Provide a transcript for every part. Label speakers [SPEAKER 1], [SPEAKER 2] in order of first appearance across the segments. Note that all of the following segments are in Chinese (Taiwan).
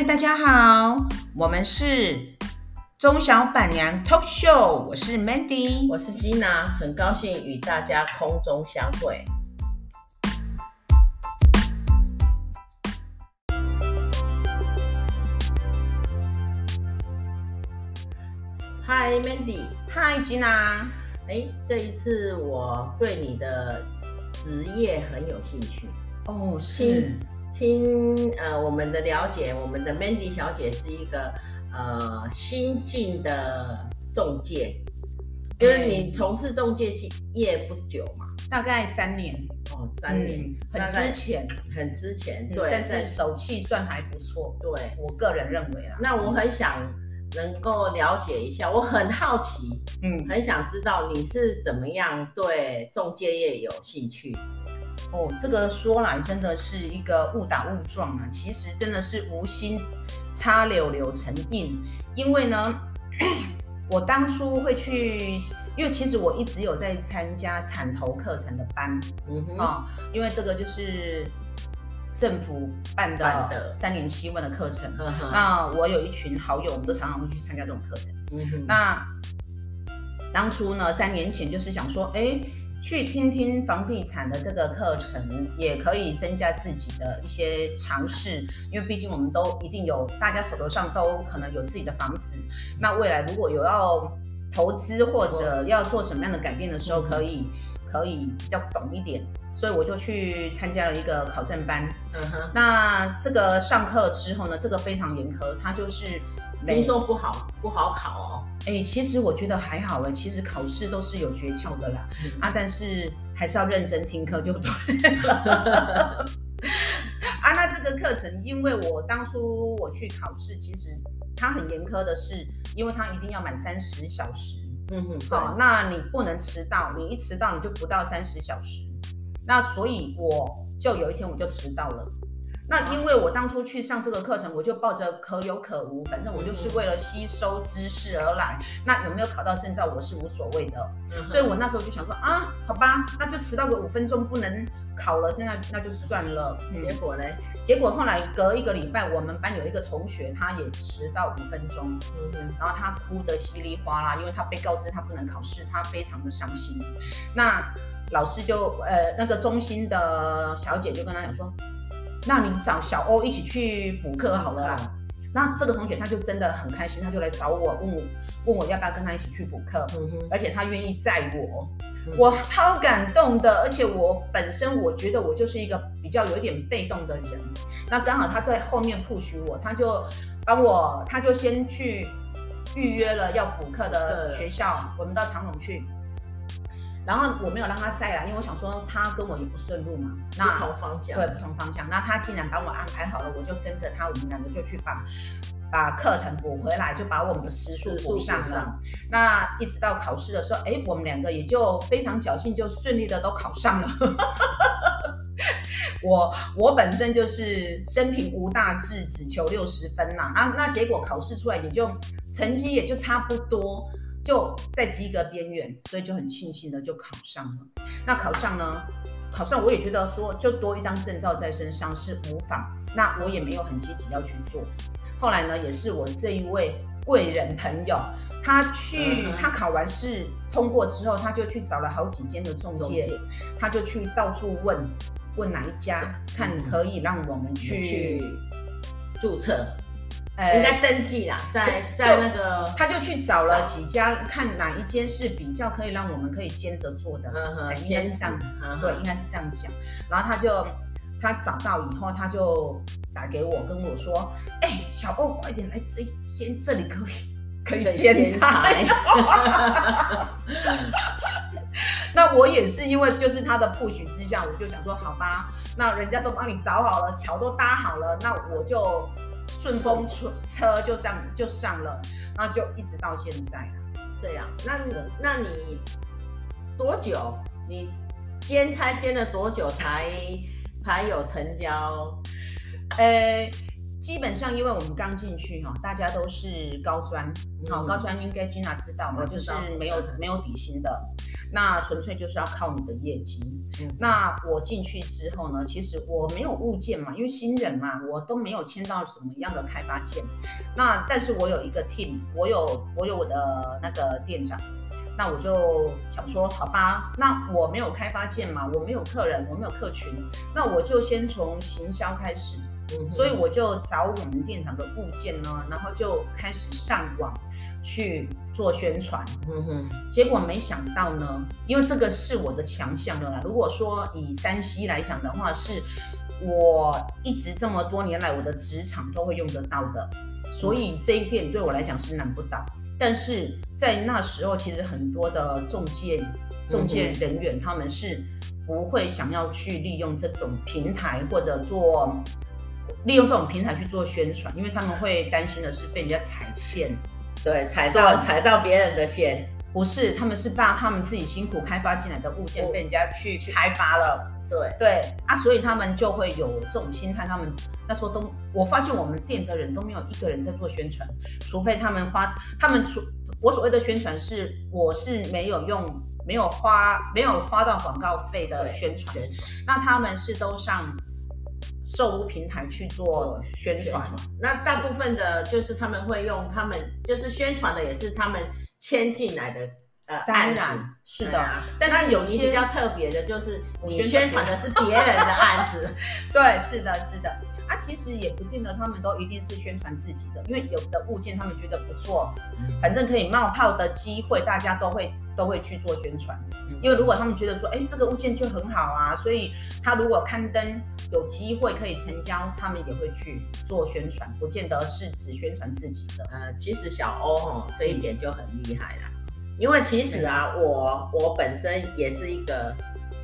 [SPEAKER 1] 嗨，大家好，我們是中小板娘 Talk Show，我是 Mandy，我是 Gina，很高興與大家空中相會。嗨，Mandy，嗨，Gina，哎，這一次我對你的職業很有興趣哦，是、oh, 新。嗯.聽呃，我們的了解，我們的 Mandy 小姐是一個呃新進的仲介，嗯、因為你從事仲介業不久嘛，大概三年哦，三年、嗯、很之前，很之前，嗯、對，但是，但是手氣算還不錯，對我個人認為啊，那我很想能夠了解一下，我很好奇，嗯，很想知道你是怎麼樣對仲介業有興趣。哦，這個說來真的是一個誤打誤撞啊，其實真的是無心插柳柳成蔭。因為呢，我當初會去，因為其實我一直有在參加產投課程的班，嗯、哼啊，因為這個就是政府辦的的三年七萬的課程，嗯、哼那我有一群好友，我們都常常會去參加這種課程，嗯、哼那當初呢，三年前就是想說，哎。去聽聽房地產的這個課程，也可以增加自己的一些常識，因為畢竟我們都一定有，大家手頭上都可能有自己的房子。那未來如果有要投資或者要做什麼樣的改變的時候，可以可以比較懂一點。所以我就去參加了一個考證班。嗯哼。那這個上課之後呢，這個非常嚴苛，它就是沒說不好。不好考哦，哎、欸，其實我覺得還好了，欸，其實考試都是有訣竅的啦，嗯、啊，但是還是要認真聽課就對了。 啊，那這個課程，因為我當初我去考試，其實它很嚴苛的是，因為它一定要滿三十小時，嗯哼，好對，那你不能遲到，你一遲到你就不到三十小時，那所以我就有一天我就遲到了。那因為我當初去上這個課程，我就抱着可有可無，反正我就是為了吸收知識而來。嗯、哼那有沒有考到證照，我是無所謂的。嗯、哼所以我那時候就想說啊，好吧，那就遲到個五分鐘不能考了，那那就算了。嗯、結果呢？結果後來隔一個禮拜，我們班有一個同學，他也遲到五分鐘，嗯、哼然後他哭得稀里嘩啦，因為他被告知他不能考試，他非常的傷心。那老師就呃，那個中心的小姐就跟他講說。那你找小歐一起去補課好了啦。嗯、那這個同學他就真的很開心，他就來找我，問我問我要不要跟他一起去補課。嗯、哼而且他願意載我，嗯、我超感動的。而且我本身我覺得我就是一個比較有點被動的人，那剛好他在後面 push 我，他就幫我，他就先去預約了要補課的學校，嗯、我們到長隆去。然後我沒有讓他再來，因為我想說他跟我也不順路嘛，那不同方向，對，不同方向。那他既然把我安排好了，我就跟着他，我們兩個就去把把課程補回來，就把我們的時數補上了。嗯、那一直到考試的時候，哎，我們兩個也就非常僥倖，就順利的都考上了。 我我本身就是生平無大志，只求六十分吶。那、啊、那結果考試出來也就成績也就差不多。就在及格邊緣，所以就很慶幸的就考上了。那考上呢，考上我也覺得說，就多一張證照在身上是無妨。那我也沒有很積極要去做。後來呢，也是我這一位貴人朋友，他去、嗯、他考完試通過之後，他就去找了好幾間的中介，他就去到處問問哪一家對看可以讓我們去注冊。應該登記啦，在在那個，他就去找了幾家，看哪一間是比較可以讓我們可以兼著做的，應該是這樣，對，應該是這樣講。然後他就他找到以後，他就打給我，跟我說：“哎，小歐，快點來，這間，這裡可以可以兼差。”那我也是因為就是他的 push 之下，我就想說，好吧，那人家都幫你找好了，橋都搭好了，那我就。順風車就上就上了，那就一直到現在，這樣、啊。那你那你多久？你兼差兼了多久才才有成交、欸？基本上因為我們剛進去哈、哦，大家都是高專，好、嗯、高專應該 Gina 知道嘛？道就是沒有沒有底薪的。那純粹就是要靠你的業績。嗯、那我進去之後呢，其實我沒有物件嘛，因為新人嘛，我都沒有簽到什麼樣的開發件。那但是我有一個 team，我有我有我的那個店長。那我就想說，好吧，那我沒有開發件嘛，我沒有客人，我沒有客群，那我就先從行銷開始。嗯、哼所以我就找我們店長的物件呢，然後就開始上網。去做宣傳，嗯哼，結果沒想到呢，因為這個是我的強項了啦。如果說以 3C 來講的話，是我一直這麼多年來我的職場都會用得到的，所以這一點對我來講是難不倒。但是在那時候，其實很多的仲介、仲介人員他們是不會想要去利用這種平台或者做利用這種平台去做宣傳，因為他們會擔心的是被人家踩線。對，踩到踩對到別人的線，不是，他們是把他們自己辛苦開發進來的物件被人家去開發了，哦、對，對，啊，所以他們就會有這種心態。他們那時候都，我發現我們店的人都沒有一個人在做宣傳，除非他們花，他們除我所謂的宣傳是，我是沒有用，沒有花，沒有花到廣告費的宣傳，那他們是都上。售屋平台去做宣傳，那大部分的，就是他們會用他們就是宣傳的，也是他們簽進來的呃然案子，是的。但是有一些比較特別的，就是你宣傳的是別人的案子， 對，是的，是的。啊，其實也不見得他們都一定是宣傳自己的，因為有的物件他們覺得不錯，反正可以冒泡的機會，大家都會。都會去做宣傳，因為如果他們覺得說，哎、欸，這個物件就很好啊，所以他如果刊登有機會可以成交，他們也會去做宣傳，不見得是只宣傳自己的。呃，其實小歐這一點就很厲害了，嗯、因為其實啊，我我本身也是一個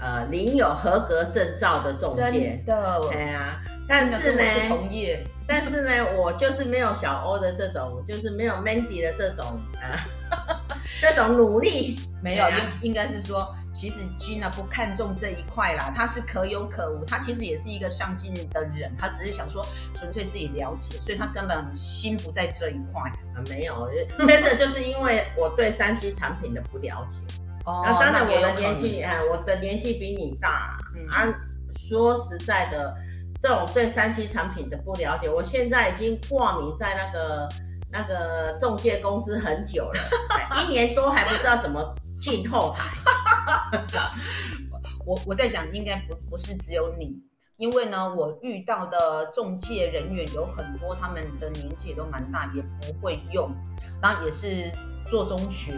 [SPEAKER 1] 呃，領有合格證照的仲介，真對的、嗯、啊。但是呢，是同業。 但是呢，我就是沒有小歐的這種，就是沒有 Mandy 的這種，啊 這種努力沒有，啊、應應該是說，其實 Gina 不看重這一塊啦，他是可有可無。他其實也是一個上進的人，他只是想說，純粹自己了解，所以他根本心不在這一塊。啊，沒有，真的就是因為我對 3C 產品的不了解。哦，那當然，我的年紀，我的年紀比你大。嗯、啊，說實在的，這種對 3C 產品的不了解，我現在已經掛名在那個，那個仲介公司很久了，一年多還不知道怎麼進後台。 我我在想，應該不不是只有你，因為呢，我遇到的仲介人員有很多，他們的年紀也都蠻大，也不會用。然後也是做中學，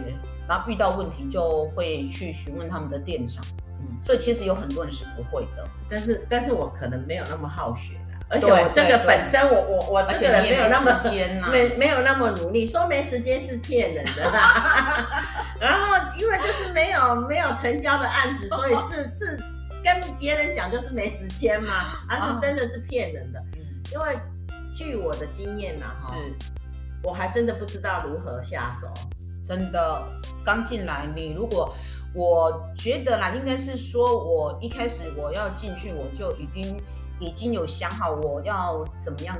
[SPEAKER 1] 然後遇到問題就會去詢問他們的店長。嗯，所以其實有很多人是不會的。但是，但是我可能沒有那麼好學。而且我這個本身我，對對對我我我這個人沒有那麼尖、啊、沒，沒有那麼努力，說沒時間是騙人的啦。 然後因為就是沒有沒有成交的案子，所以是是跟別人講就是沒時間嘛，而是真的是騙人的。啊、因為據我的經驗吶，哈是，我還真的不知道如何下手，真的。剛進來，你如果我覺得啦，應該是說我一開始我要進去，我就已經。已經有想好我要怎麼樣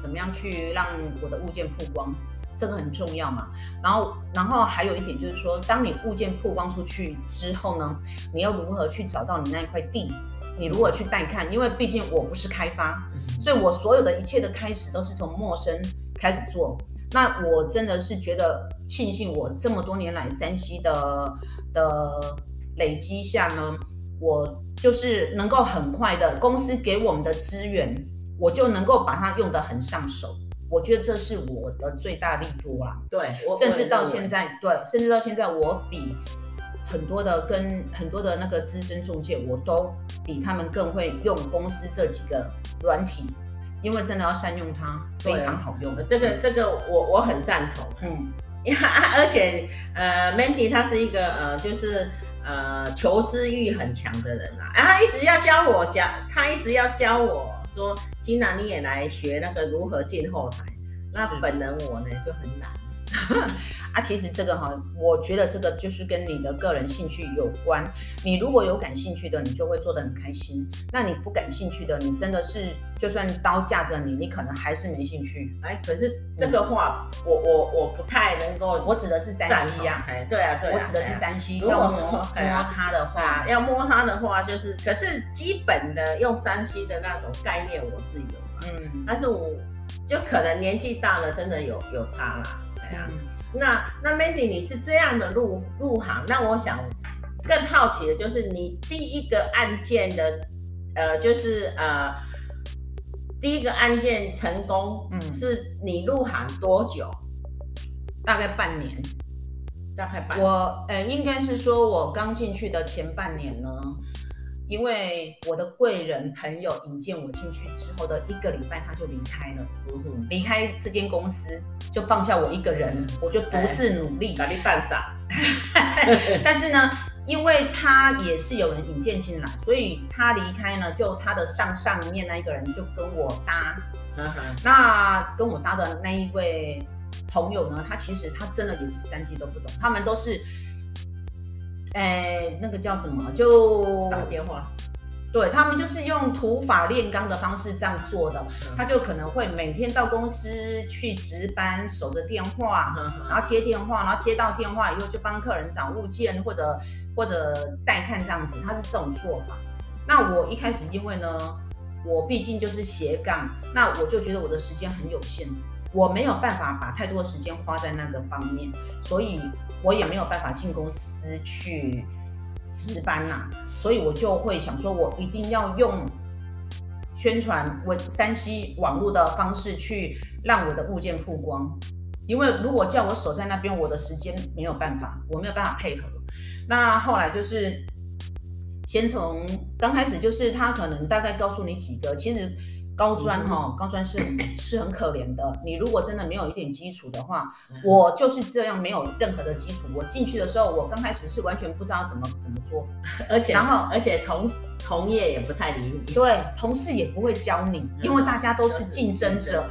[SPEAKER 1] 怎麼樣去讓我的物件曝光，這個很重要嘛。然後，然後還有一點就是說，當你物件曝光出去之後呢，你要如何去找到你那一塊地？你如何去帶看？因為畢竟我不是開發，所以我所有的一切的開始都是從陌生開始做。那我真的是覺得慶幸，我這麼多年來山西的的累積下呢，我。就是能夠很快的，公司給我們的資源，我就能夠把它用得很上手。我覺得這是我的最大利多啦。對，甚至到現在，對，甚至到現在，我比很多的跟很多的那個資深仲介，我都比他們更會用公司這幾個軟體，因為真的要善用它，對非常好用的、這個。這個這個，我我很贊同。嗯， 而且呃，Mandy 他是一個呃，就是。呃，求知欲很強的人啊，啊，他一直要教我講，他一直要教我說，金南、啊、你也來學那個如何進後台，那本人我呢就很懶。 啊，其實這個哈，我覺得這個就是跟你的個人興趣有關。你如果有感興趣的，你就會做的很開心。那你不感興趣的，你真的是就算刀架着你，你可能還是沒興趣。哎、欸，可是這個話，嗯、我我我不太能夠，我指的是 3C 呀。對啊，對啊，對啊對啊、我指的是 3C。如果要摸它的話、啊，要摸它的話，就是可是基本的用 3C 的那種概念我是有、啊，嗯，但是我就可能年紀大了，真的有有差啦。嗯，那那 Mandy 你是這樣的入入行，那我想更好奇的就是你第一個案件的呃，就是呃第一個案件成功，嗯，是你入行多久？嗯，大概半年，大概半年。我呃，欸，應該是說我剛進去的前半年呢。因為我的貴人朋友引薦我進去之後的一個禮拜，他就離開了，離開這間公司，就放下我一個人，我就獨自努力，把你扮傻。但是呢，因為他也是有人引薦進來，所以他離開呢，就他的上上面那一個人就跟我搭。那跟我搭的那一位朋友呢，他其實他真的也是三 D 都不懂，他們都是。哎、欸，那個叫什麼？就打電話，對，他們就是用土法煉鋼的方式這樣做的。他就可能會每天到公司去值班，守着電話，然後接電話，然後接到電話以後就幫客人找物件或者或者帶看這樣子，他是這種做法。那我一開始因為呢，我畢竟就是斜槓，那我就覺得我的時間很有限。我沒有辦法把太多時間花在那個方面，所以我也沒有辦法進公司去值班吶、啊，所以我就會想說，我一定要用宣傳我三 C 網絡的方式去讓我的物件曝光，因為如果叫我守在那邊，我的時間沒有辦法，我沒有辦法配合。那後來就是，先從剛開始就是他可能大概告訴你幾個，其實。高專哈、哦， 高專是是很可憐的。你如果真的沒有一點基礎的話，嗯、哼我就是這樣，沒有任何的基礎。我進去的時候，我剛開始是完全不知道怎麼怎麼做，而且然後而且同同業也不太理你，對，同事也不會教你，嗯、哼因為大家都是競爭者，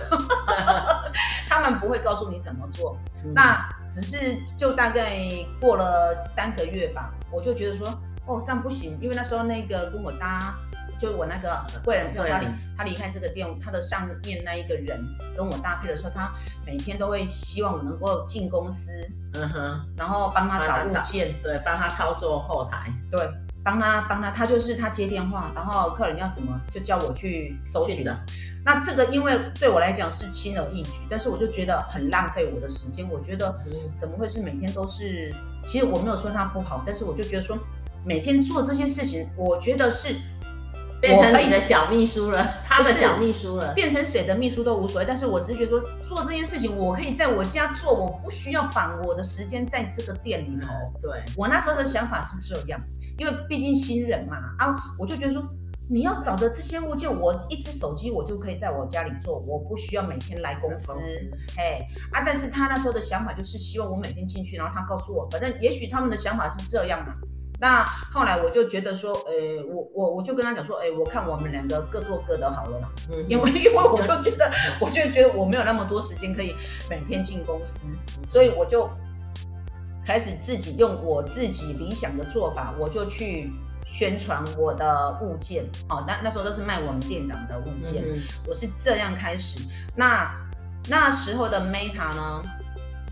[SPEAKER 1] 他們不會告訴你怎麼做。嗯、那只是就大概過了三個月吧，我就覺得說，哦，這樣不行，因為那時候那個跟我搭。就我那個貴人朋友，他離他離開這個店，他的上面那一個人跟我搭配的時候，他每天都會希望我能夠進公司，嗯哼，然後幫他找物件，對，幫他操作後台，對，幫他幫他，他，他就是他接電話，然後客人要什麼就叫我去收取的。那這個因為對我來講是輕而易舉，但是我就覺得很浪費我的時間。我覺得怎麼會是每天都是？其實我沒有說他不好，但是我就覺得說每天做這些事情，我覺得是。變成你的小秘書了，他的小秘書了，是書了變成誰的秘書都無所謂。但是我只覺得說，做這件事情我可以在我家做，我不需要綁我的時間在這個店裡頭。嗯、對，我那時候的想法是這樣，因為畢竟新人嘛啊，我就覺得說，你要找的這些物件，我一支手機我就可以在我家裡做，我不需要每天來公司。誒是，hey, 啊，但是他那時候的想法就是希望我每天進去，然後他告訴我，反正也許他們的想法是這樣嘛。那後來我就覺得說，呃、欸，我我我就跟他講說，哎、欸,我看我們兩個各做各的好了啦，嗯哼，因為因為我就覺得，我就覺得我沒有那麼多時間可以每天進公司，所以我就開始自己用我自己理想的做法，我就去宣傳我的物件。好、哦，那那時候都是賣我們店長的物件，嗯、哼我是這樣開始。那那時候的 Meta 呢？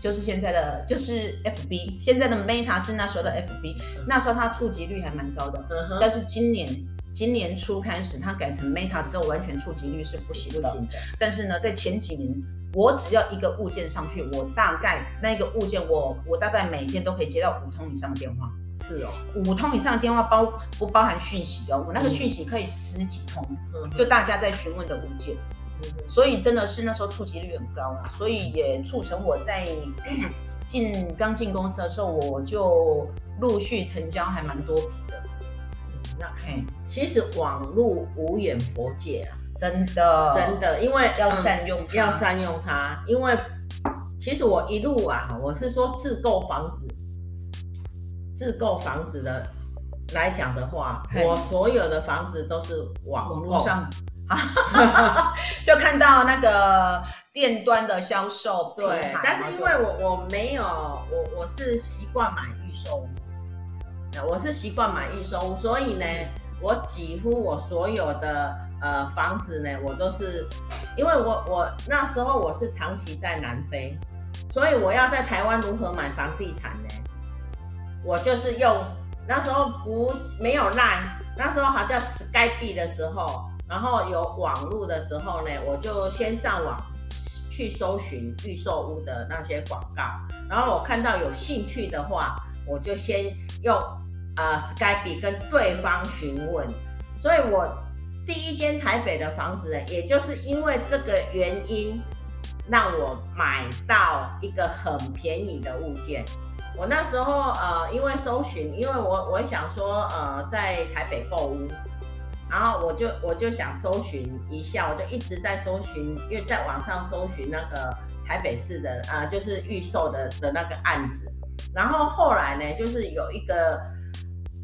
[SPEAKER 1] 就是現在的就是 FB，現在的 Meta 是那時候的 FB，那時候它觸及率還蠻高的。嗯、哼但是今年今年初開始，它改成 Meta 之後，完全觸及率是不行不行的。嗯、哼但是呢，在前幾年，我只要一個物件上去，我大概那個物件我，我我大概每天都可以接到五通以上的電話。是哦，五通以上的電話包不包含訊息哦？我那個訊息可以十幾通，嗯、哼就大家在詢問的物件。所以真的是那時候觸及率很高啊，所以也促成我在進剛進公司的時候，我就陸續成交還蠻多的。嗯、那可其實網絡無遠弗屆啊，真的真的，因為要善用、嗯，要善用它。因為其實我一路啊，我是說自購房子，自購房子的來講的話，嘿我所有的房子都是網網絡上。 就看到那個店端的銷售對，但是因為我我沒有，我我是習慣買預售，我是習慣買預售，所以呢，我幾乎我所有的呃房子呢，我都是，因為我我那時候我是長期在南非，所以我要在台灣如何買房地產呢？我就是用那時候不沒有爛，那時候好像 s k y e 的時候。然後有網路的時候呢，我就先上網去搜尋預售屋的那些廣告，然後我看到有興趣的話，我就先用 Skype 跟對方詢問。所以，我第一間台北的房子呢，也就是因為這個原因，讓我買到一個很便宜的物件。我那時候呃，因為搜尋，因為我我想說，呃，在台北購屋。然後我就我就想搜尋一下，我就一直在搜尋，因為在網上搜尋那個台北市的啊、呃，就是預售的的那個案子。然後後來呢，就是有一個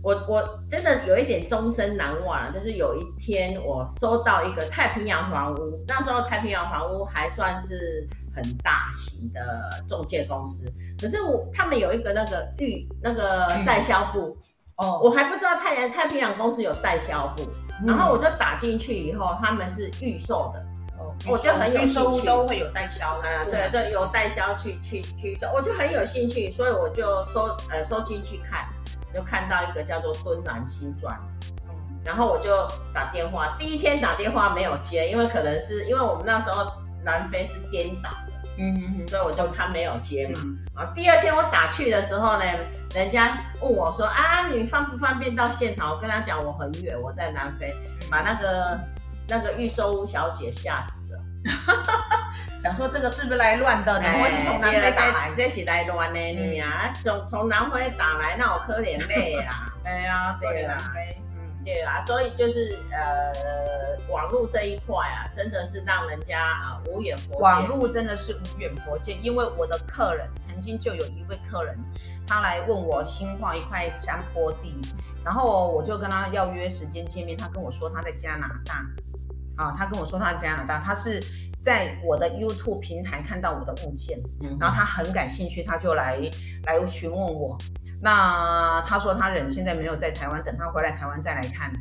[SPEAKER 1] 我我真的有一點終身難忘，就是有一天我收到一個太平洋房屋，那時候太平洋房屋還算是很大型的仲介公司，可是我他們有一個那個預那個代銷部、嗯、哦，我還不知道太陽太平洋公司有代銷部。然後我就打進去以後，他們是預售的，哦、售我就很有收都會有代銷啦，對對，對，對，有代銷去去去，我就很有興趣，所以我就收呃收進去看，就看到一個叫做《敦南新傳》嗯，然後我就打電話，第一天打電話沒有接，因為可能是因為我們那時候南非是顛倒的，嗯嗯嗯，嗯嗯所以我就他沒有接嘛、嗯，第二天我打去的時候呢，人家問我說：“啊，你方不方便到現場？”我跟他講我很遠，我在南非，把那個那個預售屋小姐嚇死了。 想說這個是不是來亂的？你這是從南非打來，這是來亂的、嗯、你啊！從從南非打來，那我可憐妹啊！哎呀，對啊，對啊啦，所以就是呃，網絡這一塊啊，真的是讓人家啊無遠弗屆。網、呃、絡哇真的是無遠弗屆，因為我的客人曾經就有一位客人。他來問我新化一塊山坡地，然後我就跟他要約時間見面。他跟我說他在加拿大，啊，他跟我說他在加拿大，他是在我的 YouTube 平台看到我的物件，嗯哼，然後他很感興趣，他就來來詢問我。那他說他人現在沒有在台灣，等他回來台灣再來看。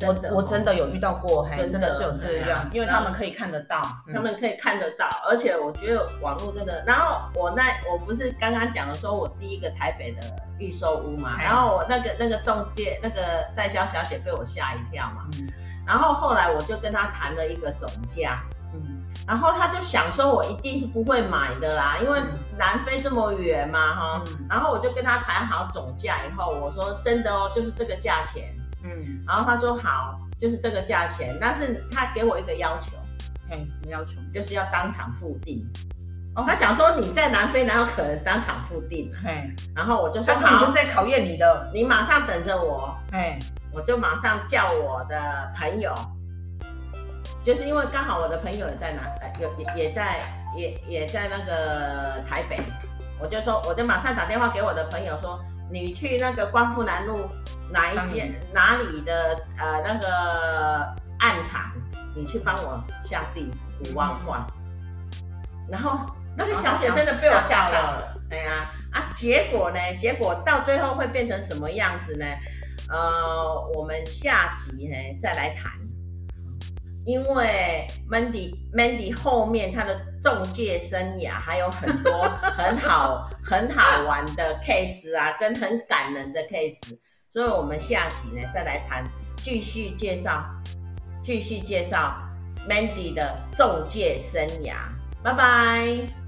[SPEAKER 1] 我我真的有遇到過，還 Okay,、hey, 真的是有這樣，的因為他們可以看得到，嗯、他們可以看得到，而且我覺得網絡真的。然後我那我不是剛剛講的說，我第一個台北的預售屋嘛，嗯、然後我那個那個仲介那個代銷小姐被我嚇一跳嘛，嗯、然後後來我就跟他談了一個總價，嗯、然後他就想說，我一定是不會買的啦，嗯、因為南非這麼遠嘛，哈、嗯，然後我就跟他談好總價以後，我說真的哦，就是這個價錢。嗯，然後他說好，就是這個價錢，但是他給我一個要求，哎、嗯，什麼要求？就是要當場付定。哦，他想說你在南非，哪有可能當場付定？嗯、然後我就說，他就是在考驗你的，你馬上等着我。嗯、我就馬上叫我的朋友，嗯、就是因為剛好我的朋友也在南，有也也在也也在那個台北，我就說我就馬上打電話給我的朋友說。你去那個光復南路哪一間你哪裡的呃那個暗場，你去幫我下定五萬塊。嗯、然後那個小姐真的被我嚇了，哎呀啊，啊，啊！結果呢？結果到最後會變成什麼樣子呢？呃，我們下集呢再來談，因為 Mandy Mandy 後面他的。仲介生涯還有很多很好 很好玩的 case 啊，跟很感人的 case，所以我們下期呢再來談，繼續介紹，繼續介紹 Mandy 的仲介生涯，拜拜。